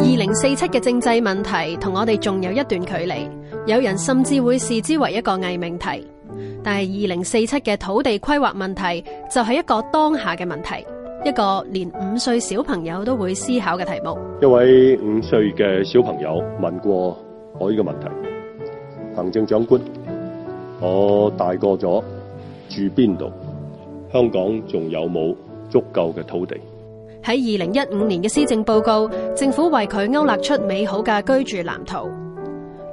二零四七嘅政制問題同我哋仲有一段距離，有人甚至會視之為一個偽命題。但係二零四七嘅土地規劃問題就係一個當下嘅問題，一個連五歲小朋友都會思考嘅題目。一位五歲嘅小朋友問過我呢個問題，行政長官，我大個咗，住邊度？香港仲有冇足夠嘅土地？喺二零一五年嘅施政報告，政府為佢勾勒出美好嘅居住藍圖。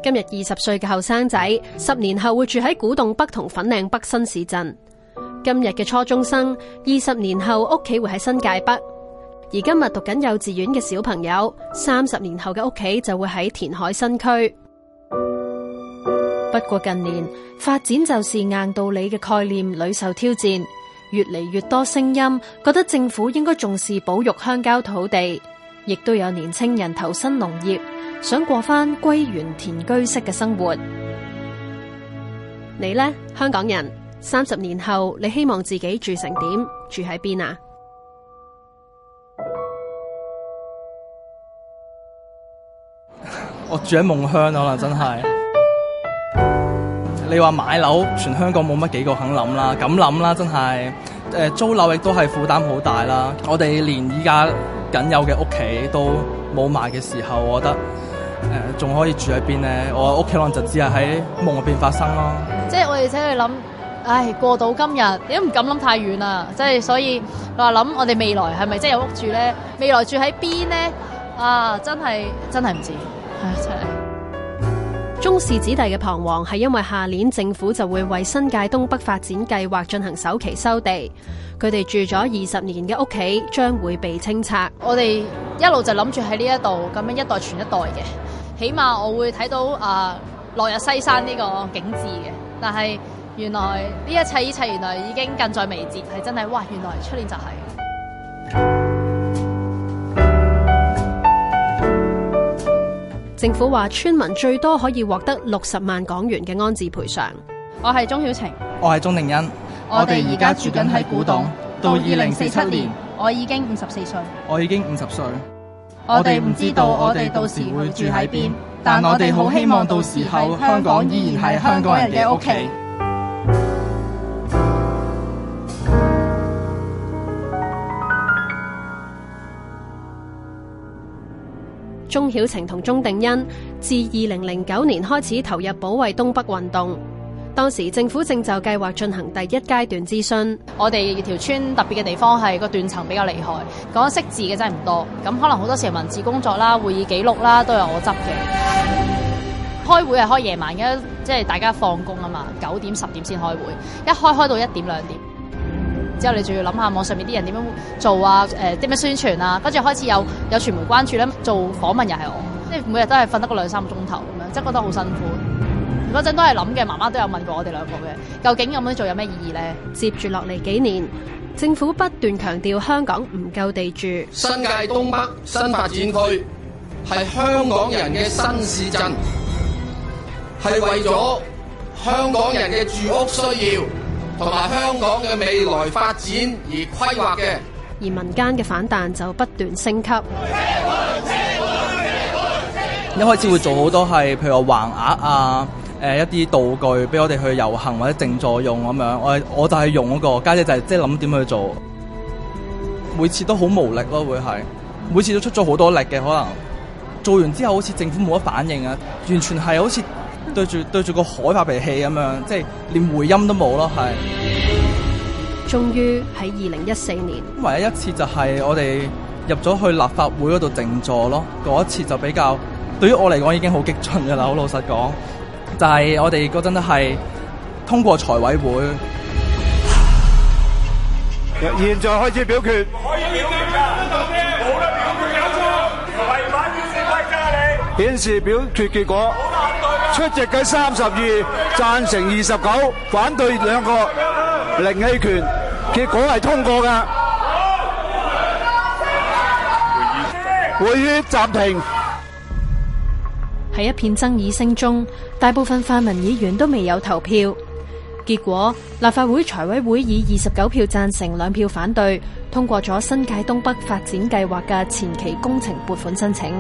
今日二十歲嘅後生仔，十年後會住喺古洞北同粉嶺北新市鎮。今日嘅初中生，二十年後屋企會喺新界北。而今日讀緊幼稚園嘅小朋友，三十年後嘅屋企就會喺填海新區。不過近年發展就是硬道理嘅概念，屢受挑戰。越嚟越多聲音覺得政府應該重視保育鄉郊土地，亦都有年輕人投身農業，想過翻歸園田居式嘅生活。你呢？香港人三十年後，你希望自己住成點？住喺邊啊？ 我住喺夢鄉可能真係。 你話買樓，全香港冇乜幾個肯諗啦，敢諗啦，真係。誒租樓亦都係負擔好大啦！我哋連依家僅有嘅屋企都冇賣嘅時候，我覺得誒、仲可以住喺邊咧？我屋企可能就只係喺夢入面發生咯。即係我哋真係諗，唉、哎、過到今日，都唔敢諗太遠啦！即係所以話諗，我哋未來係咪真係有屋住咧？未來住喺邊咧？啊！真係真係唔知。哎真中氏子弟嘅彷徨係因為下年政府就會為新界東北發展計劃進行首期收地，佢哋住咗二十年嘅屋企將會被清拆我們。我哋一路就諗住喺呢一度咁樣一代傳一代嘅，起碼我會睇到啊落日西山呢個景緻嘅。但係原來呢一切，一切原來已經近在眉睫，係真係，哇！原來出年就係、是。政府話村民最多可以獲得六十萬港元嘅安置賠償。我係鍾曉晴，我係鍾定欣。我哋而家住緊喺古洞。到二零四七年，我已經五十四歲。我已經五十歲。我哋唔知道我哋到時會住喺邊，但我哋好希望到時候香港依然係香港人嘅屋企。鐘曉晴同鐘定欣自二零零九年開始投入保衛東北運動，當時政府正就計劃進行第一階段諮詢。我哋條村特別嘅地方係個斷層比較厲害，講識字嘅真係唔多，咁可能好多時候文字工作啦、會議記錄啦都有我執嘅。開會係開夜晚嘅，即係大家放工啊嘛，九點十點先開會，一開開到一點兩點。2點之後你仲要諗下網上面啲人點樣做啊？誒點樣宣傳啊？跟住開始有有傳媒關注咧，做訪問又係我，即係每日都係瞓得個兩三個鐘頭咁樣，即係覺得好辛苦。嗰陣都係諗嘅，媽媽都有問過我哋兩個嘅，究竟咁樣做有咩意義咧？接住落嚟幾年，政府不斷強調香港唔夠地住，新界東北新發展區係香港人嘅新市鎮，係為咗香港人嘅住屋需要。同埋香港嘅未來發展而規劃嘅，而民間嘅反彈就不斷升級。一開始會做好多係，譬如話橫額啊，呃、一啲道具俾我哋去遊行或者靜坐用咁樣。我我就係用嗰、嗰個家姐，姐就係即係諗點去做，每次都好無力咯、啊，會係每次都出咗好多力嘅，可能做完之後好似政府冇乜反應啊，完全係好似，對住對住個海發脾氣咁樣，即係連回音都冇咯，係。終於喺二零一四年，唯一一次就係我哋入咗去立法會嗰度靜坐咯。嗰一次就比較對於我嚟講已經好激進嘅啦，好老實講。就係、是、我哋嗰陣都係通過財委會。現在開始表決。可以表決啊！冇得表決嘅，違反議事規則啊你！顯示表決結果。出席嘅三十二，贊成二十九，反對兩個，零棄權，結果係通過嘅。會議暫停。喺一片爭議聲中，大部分泛民議員都未有投票。結果，立法會財委會以二十九票贊成，兩票反對，通過咗新界東北發展計劃嘅前期工程撥款申請。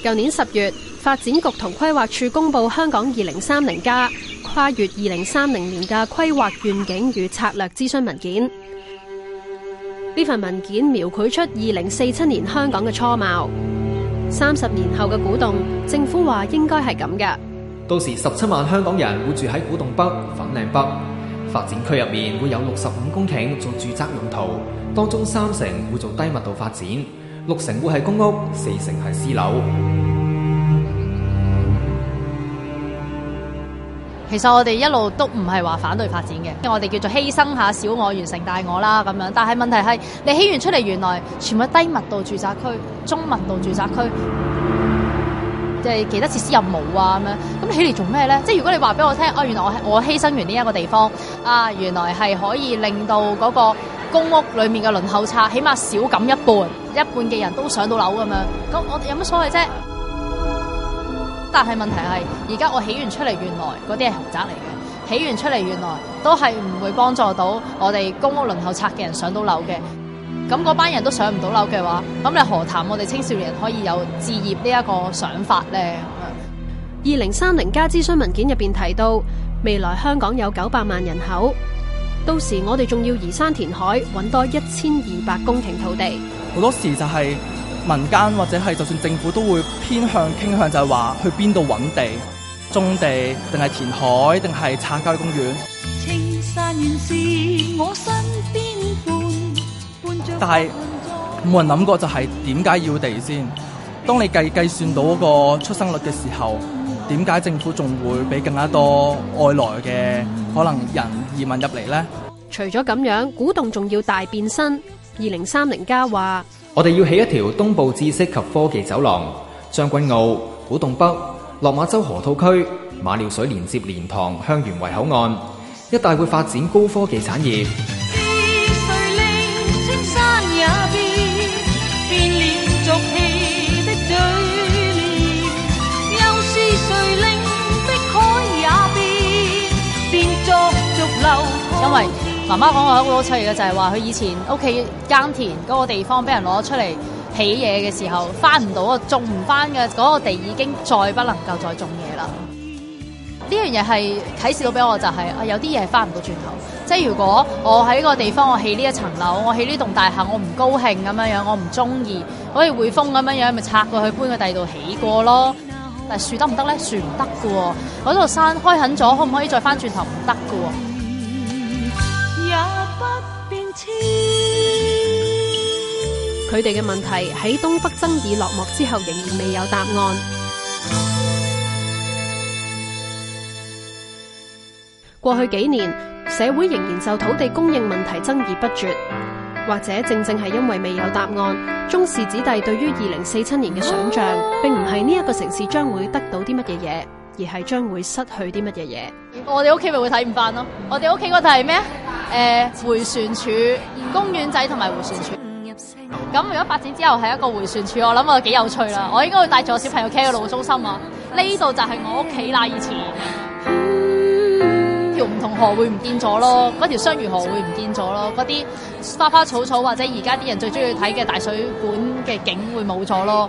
舊年十月，發展局同規劃署公布《香港二零三零加跨越二零三零年嘅規劃願景與策略諮詢文件》。呢份文件描繪出二零四七年香港嘅初貌。三十年後嘅古洞，政府話應該係咁㗎。到時十七萬香港人會住喺古洞北、粉嶺北發展區入面，會有六十五公頃做住宅用途，當中三成會做低密度發展。六成會係公屋，四成係私樓。其實我哋一路都唔係話反對發展嘅，我哋叫做犧牲下小我，完成大我啦咁樣。但係問題係，你起完出嚟，原來全部低密度住宅區、中密度住宅區，即係其他設施又冇啊咁樣。咁你起嚟做咩咧？即係如果你話俾我聽，哦，原來我係我犧牲完呢一個地方，啊，原來係可以令到嗰個。公屋裏面嘅輪候冊，起碼少咁一半，一半嘅人都上到樓咁樣，咁我有乜所謂啫？但係問題係，而家我起完出嚟，原來嗰啲係豪宅嚟嘅，起完出嚟，原來都係唔會幫助到我哋公屋輪候冊嘅人上到樓嘅。咁嗰班人都上唔到樓嘅話，咁你何談我哋青少年可以有置業呢一個想法呢？二零三零加諮詢文件入邊提到，未來香港有九百萬人口。到時我哋仲要移山填海，搵多一千二百公頃土地。好多時就係民間或者係就算政府都會偏向傾向就係話去邊度搵地、種地定係填海定係拆街公園。青山原是我身邊伴但係冇人諗過就係點解要地先？當你計計算到嗰個出生率嘅時候。點解政府仲會俾更加多外來嘅可能人移民入嚟呢？除咗咁樣，古洞仲要大變身。二零三零家話，我哋要起一條東部知識及科技走廊，將軍澳古洞北、落馬洲河套區、馬料水連接蓮塘、香園圍口岸，一帶會發展高科技產業。因為媽媽講我一個好有趣嘅，就係話佢以前屋企耕田嗰個地方，俾人攞出嚟起嘢嘅時候，翻唔到啊，種唔翻嘅嗰個地已經再不能夠再種嘢啦。呢樣嘢係啟示到俾我、就是，就係啊有啲嘢係翻唔到轉頭。即係如果我喺個地方我起呢一層樓，我起呢棟大廈，我唔高興咁樣樣，我唔中意，好似匯豐咁樣樣，咪拆過去搬個第二度起過咯。但係樹得唔得咧？樹唔得噶。嗰度山開墾咗，可唔可以再翻轉頭？唔得噶。佢哋嘅問題喺東北爭議落幕之後，仍然未有答案。過去幾年，社會仍然就土地供應問題爭議不絕，或者正正係因為未有答案，中氏子弟對於二零四七年嘅想象，並唔係呢一個城市將會得到啲乜嘢嘢。而係將會失去啲乜嘢嘢？我哋屋企咪會睇唔翻咯。我哋屋企嗰度係咩誒，回旋處、公園仔同埋回旋處。咁如果發展之後係一個回旋處，我諗我幾有趣啦。我應該會帶住我小朋友企喺個路中心啊。呢度就係我屋企啦，以前條梧、嗯、桐河會唔見咗咯，嗰條雙魚河會唔見咗咯，嗰啲花花草草或者而家啲人最中意睇嘅大水管嘅景會冇咗咯。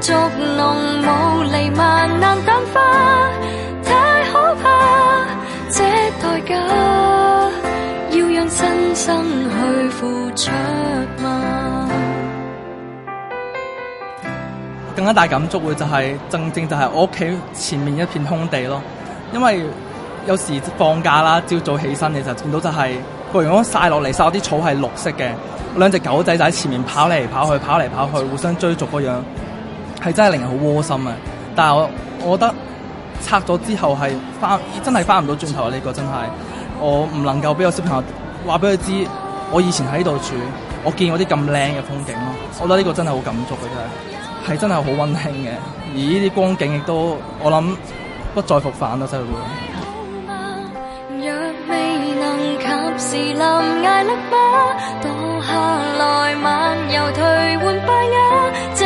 霧難淡化，太可怕。這代價要去付出嗎？更加大感觸嘅就係、是、正正就係我屋企前面一片空地咯。因為有時放假啦，朝早起身你就見到就係陽光曬落嚟，曬啲草係綠色嘅，兩隻狗仔就喺前面跑嚟跑去，跑嚟跑去，互相追逐嗰樣。係真係令人好窩心啊！但係我我覺得拆咗之後係翻真係翻唔到轉頭，呢個真係我唔能夠俾個小朋友話俾佢知，我以前喺度住，我見過啲咁靚嘅風景咯。我覺得呢個真係好感觸嘅，真係係真係好溫馨嘅。而呢啲光景亦都我諗不再復返啦，真係會。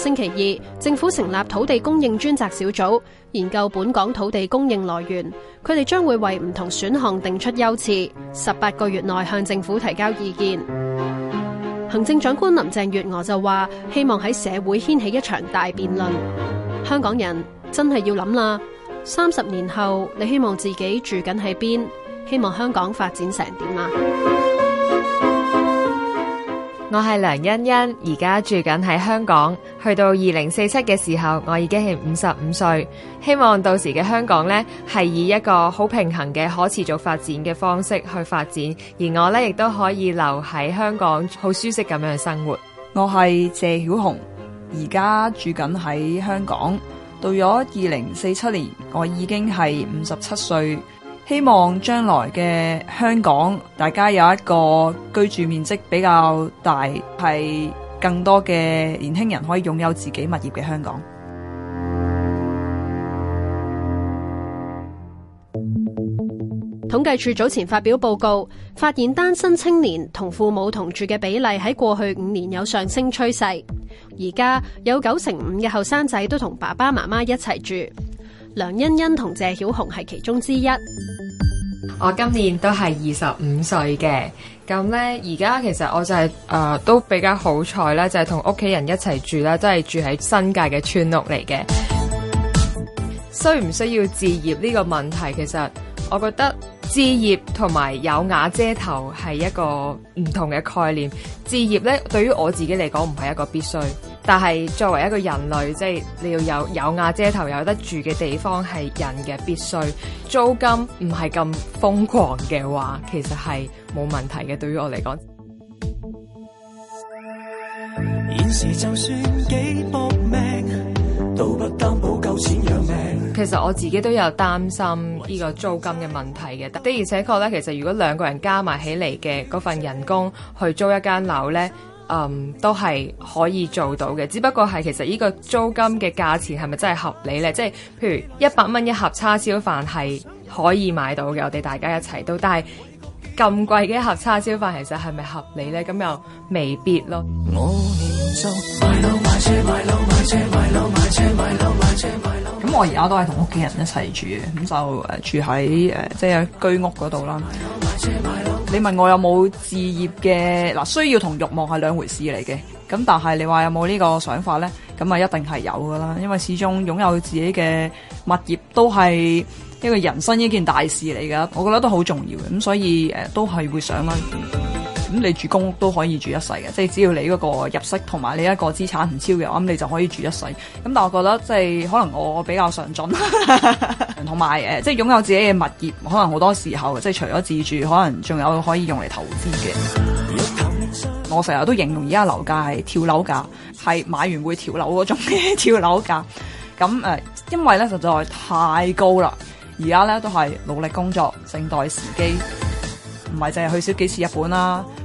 星期二，政府成立土地供應專責小組，研究本港土地供應來源。佢哋將會為唔同選項定出優次，十八個月內向政府提交意見。行政長官林鄭月娥就話，希望喺社會掀起一場大辯論。香港人真係要諗啦，三十年後你希望自己住緊喺邊？希望香港發展成點啊？我係梁欣欣，而家住緊喺香港。去到二零四七嘅時候，我已經係五十五歲。希望到時嘅香港咧，係以一個好平衡嘅可持續發展嘅方式去發展，而我咧亦都可以留喺香港，好舒適咁樣生活。我係謝曉紅，而家住緊喺香港。到咗二零四七年，我已經係五十七歲。希望將來嘅香港，大家有一個居住面積比較大，係更多嘅年輕人可以擁有自己物業嘅香港。統計處早前發表報告，發現單身青年同父母同住嘅比例喺過去五年有上升趨勢。而家有九成五嘅後生仔都同爸爸媽媽一齊住。梁欣欣同謝曉紅係其中之一。我今年都係二十五歲嘅，咁咧而家其實我就係、是、誒、呃、都比較好彩啦，就係同屋企人一齊住啦，都係住喺新界嘅村屋嚟嘅。需唔需要置業呢個問題，其實我覺得置業同埋有瓦遮頭係一個唔同嘅概念。置業咧對於我自己嚟講唔係一個必須。但係作為一個人類，即係你要有有瓦遮頭、有得住嘅地方，係人嘅必須。租金唔係咁瘋狂嘅話，其實係冇問題嘅。對於我嚟講，現時就算幾搏命，都不擔保夠錢養命。其實我自己都有擔心呢個租金嘅問題嘅。的而且確咧，其實如果兩個人加埋起嚟嘅嗰份人工去租一間樓咧。嗯，都係可以做到嘅，只不過係其實呢個租金嘅價錢係咪真係合理咧？即係譬如一百蚊一盒叉燒飯係可以買到嘅，我哋大家一齊都，但係咁貴嘅一盒叉燒飯其實係咪合理咧？咁又未必咯。咁我而家都係同屋企人一齊住，咁就住喺即係居屋嗰度啦。你問我有冇置業嘅，嗱，需要同慾望係兩回事嚟嘅。咁但係你話有冇呢個想法呢？咁，啊，一定係有㗎喇，因為始終擁有自己嘅物業都係一個人生一件大事嚟㗎，我覺得都好重要嘅，咁，所以誒、呃、都係會想啦。咁你住公屋都可以住一世嘅，即係只要你嗰個入息同埋你一個資產唔超嘅，啊，咁你就可以住一世。咁但係我覺得即係可能我比較上進，同埋誒，即係擁有自己嘅物業，可能好多時候即係除咗自住，可能仲有可以用嚟投資嘅。 我成日都形容而家樓價係跳樓價，係買完會跳樓嗰種嘅 跳樓價。咁誒，因為咧實在太高啦，而家咧都係努力工作，靜待時機，唔係淨係去少幾次日本啦，啊。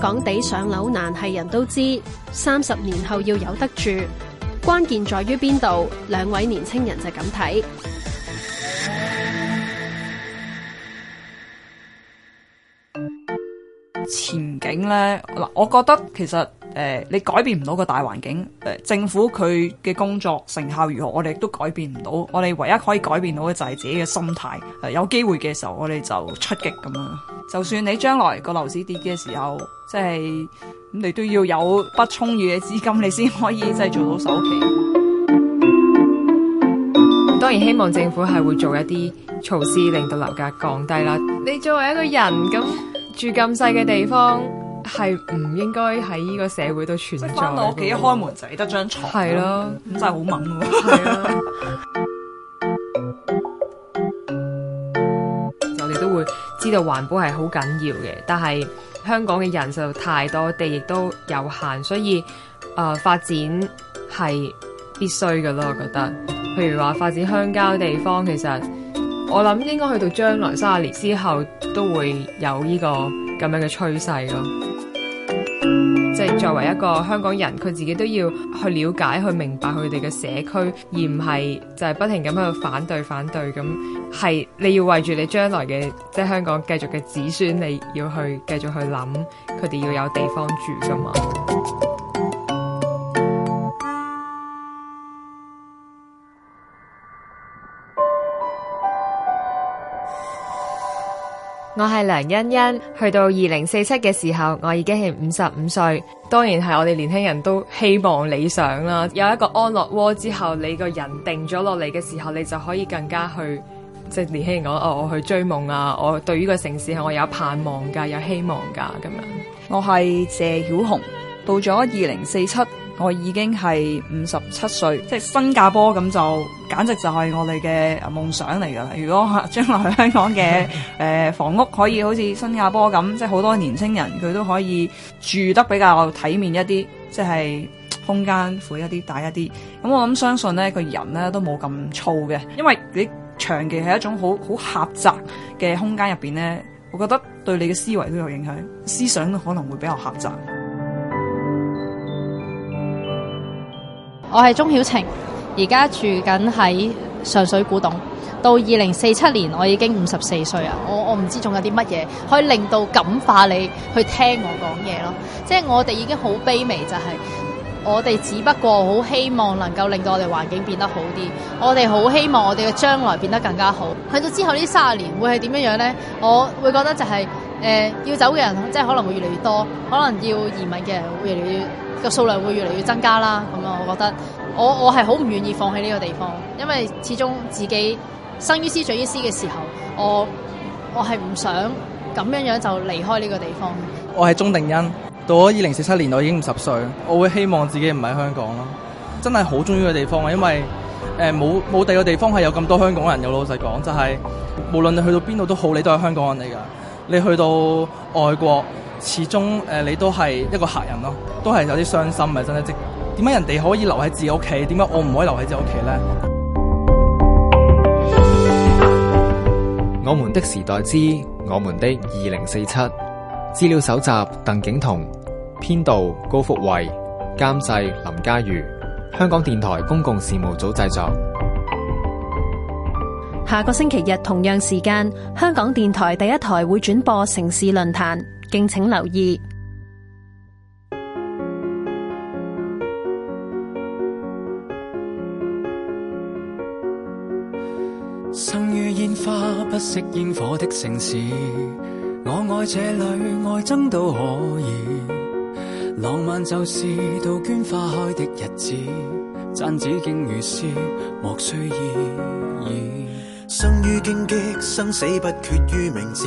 香港地上樓難係人都知，三十年後要有得住，關鍵在於邊度？兩位年青人就咁睇前景呢？嗱，我覺得其實。誒、呃，你改變唔到個大環境，誒、呃，政府佢嘅工作成效如何，我哋亦都改變唔到。我哋唯一可以改變到嘅就係自己嘅心態。誒、呃，有機會嘅時候，我哋就出擊咁。就算你將來個樓市跌嘅時候，即係你都要有不充裕嘅資金，你先可以製造到首期。當然希望政府係會做一啲措施，令到樓價降低啦。你作為一個人咁住咁細嘅地方。係唔應該喺呢個社會度存在。返我屋企一開門就係得張床。係咯，真係好猛。我哋都會知道環保係好緊要嘅，但係香港嘅人數太多，地亦都有限，所以誒、呃、發展係必須噶咯。我覺得，譬如話發展鄉郊地方，其實我諗應該去到將來三十年之後都會有呢個咁樣嘅趨勢咯。作為一個香港人，佢自己都要去了解、去明白佢哋嘅社區，而唔係就係不停咁去反對、反對咁。係你要為住你將來嘅即係香港繼續嘅子孫，你要去繼續去諗，佢哋要有地方住㗎嘛。我係梁欣欣，去到二零四七嘅時候，我已經係五十五歲，當然係我哋年輕人都希望理想啦。有一個安樂窩之後，你個人定咗落嚟嘅時候，你就可以更加去即係、就是、年輕人講哦，我去追夢啊，我對於這個城市我有盼望㗎，有希望㗎咁樣。我係謝曉紅，到咗二零四七。我已經係五十七歲，即係新加坡咁就簡直就係我哋嘅夢想嚟噶啦！如果將來香港嘅誒、 呃、房屋可以好似新加坡咁，即係好多年輕人佢都可以住得比較體面一啲，即係空間闊一啲、大一啲。咁我諗相信呢佢人呢都冇咁燥嘅，因為你長期係一種好好狹窄嘅空間入邊呢，我覺得對你嘅思維都有影響，思想可能會比較狹窄。我係鍾曉晴，而家住緊喺上水古董。到二零四七年，我已經五十四歲。我我唔知仲有啲乜嘢可以令到感化你去聽我講嘢咯。即係我哋已經好卑微，就係我哋只不過好希望能夠令到我哋環境變得好啲。我哋好希望我哋嘅將來變得更加好。去到之後呢三十年會係點樣呢？我會覺得就係呃，要走嘅人即係可能會越嚟越多，可能要移民嘅人會越嚟越。個數量會越嚟越增加啦，咁啊我覺得我，我我係好唔願意放棄呢個地方，因為始終自己生於斯死於斯嘅時候，我我係唔想咁樣樣就離開呢個地方。我係鍾定欣，到咗二零四七年我已經五十歲，我會希望自己唔喺香港咯，真係好中意呢個地方啊！因為誒冇冇第二個地方係有咁多香港人，有老實講就係、是、無論你去到邊度都好，你都係香港人嚟噶，你去到外國。始終誒你都係一個客人咯，都係有啲傷心，咪真係即點解人哋可以留喺自己屋企，點解我唔可以留喺自己屋企呢？《我們的時代之我們的二零四七》資料搜集，鄧景彤編導，高福慧監製、林嘉如，香港電台公共事務組製作。下個星期日同樣時間，香港電台第一台會轉播城市論壇。敬請留意。生於煙花不食煙火的城市，我愛這裏，愛憎都可以。浪漫就是杜鵑花開的日子，贊紫荊如詩，莫須意。生於荊棘，生死不決於名字。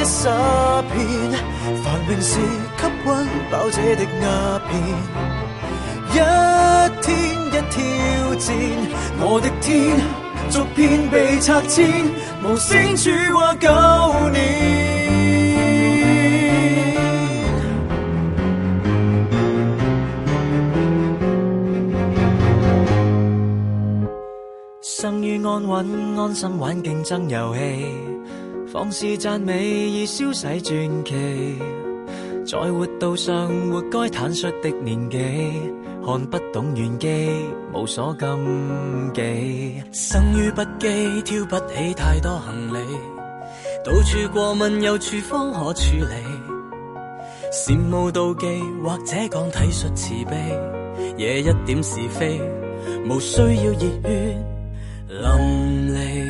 一片變，繁榮是給溫飽者的鴉片。一天一挑戰，我的天，逐片被拆遷，無聲處話舊年。生於安穩，安心玩競爭遊戲。放肆讚美已消逝傳奇，再活到上活該坦率的年紀，看不懂玄機，無所禁忌。生於不羈，挑不起太多行李，到處過問，有處方可處理。羨慕妒忌，或者講體恤慈悲，惹一點是非，無需要熱血淋漓。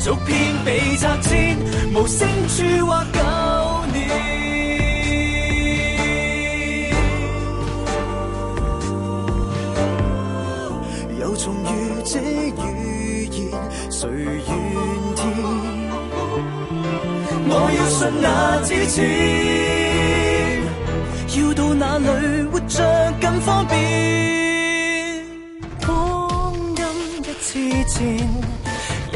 逐片被拆遷，無聲處話舊年。又重遇這語言，誰願聽？我要信那之前，要到哪裏活着更方便？光陰一次前。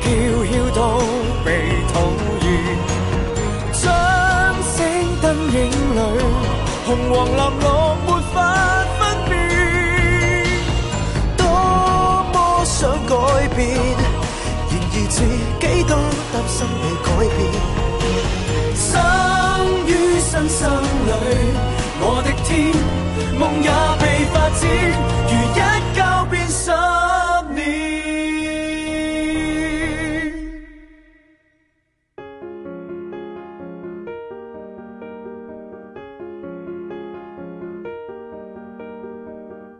飄飄都被討厭，掌聲燈影裏，紅黃藍綠沒法分辨。多麼想改變，然而自己都擔心被改變。生於新生裏，我的天，夢也被發展。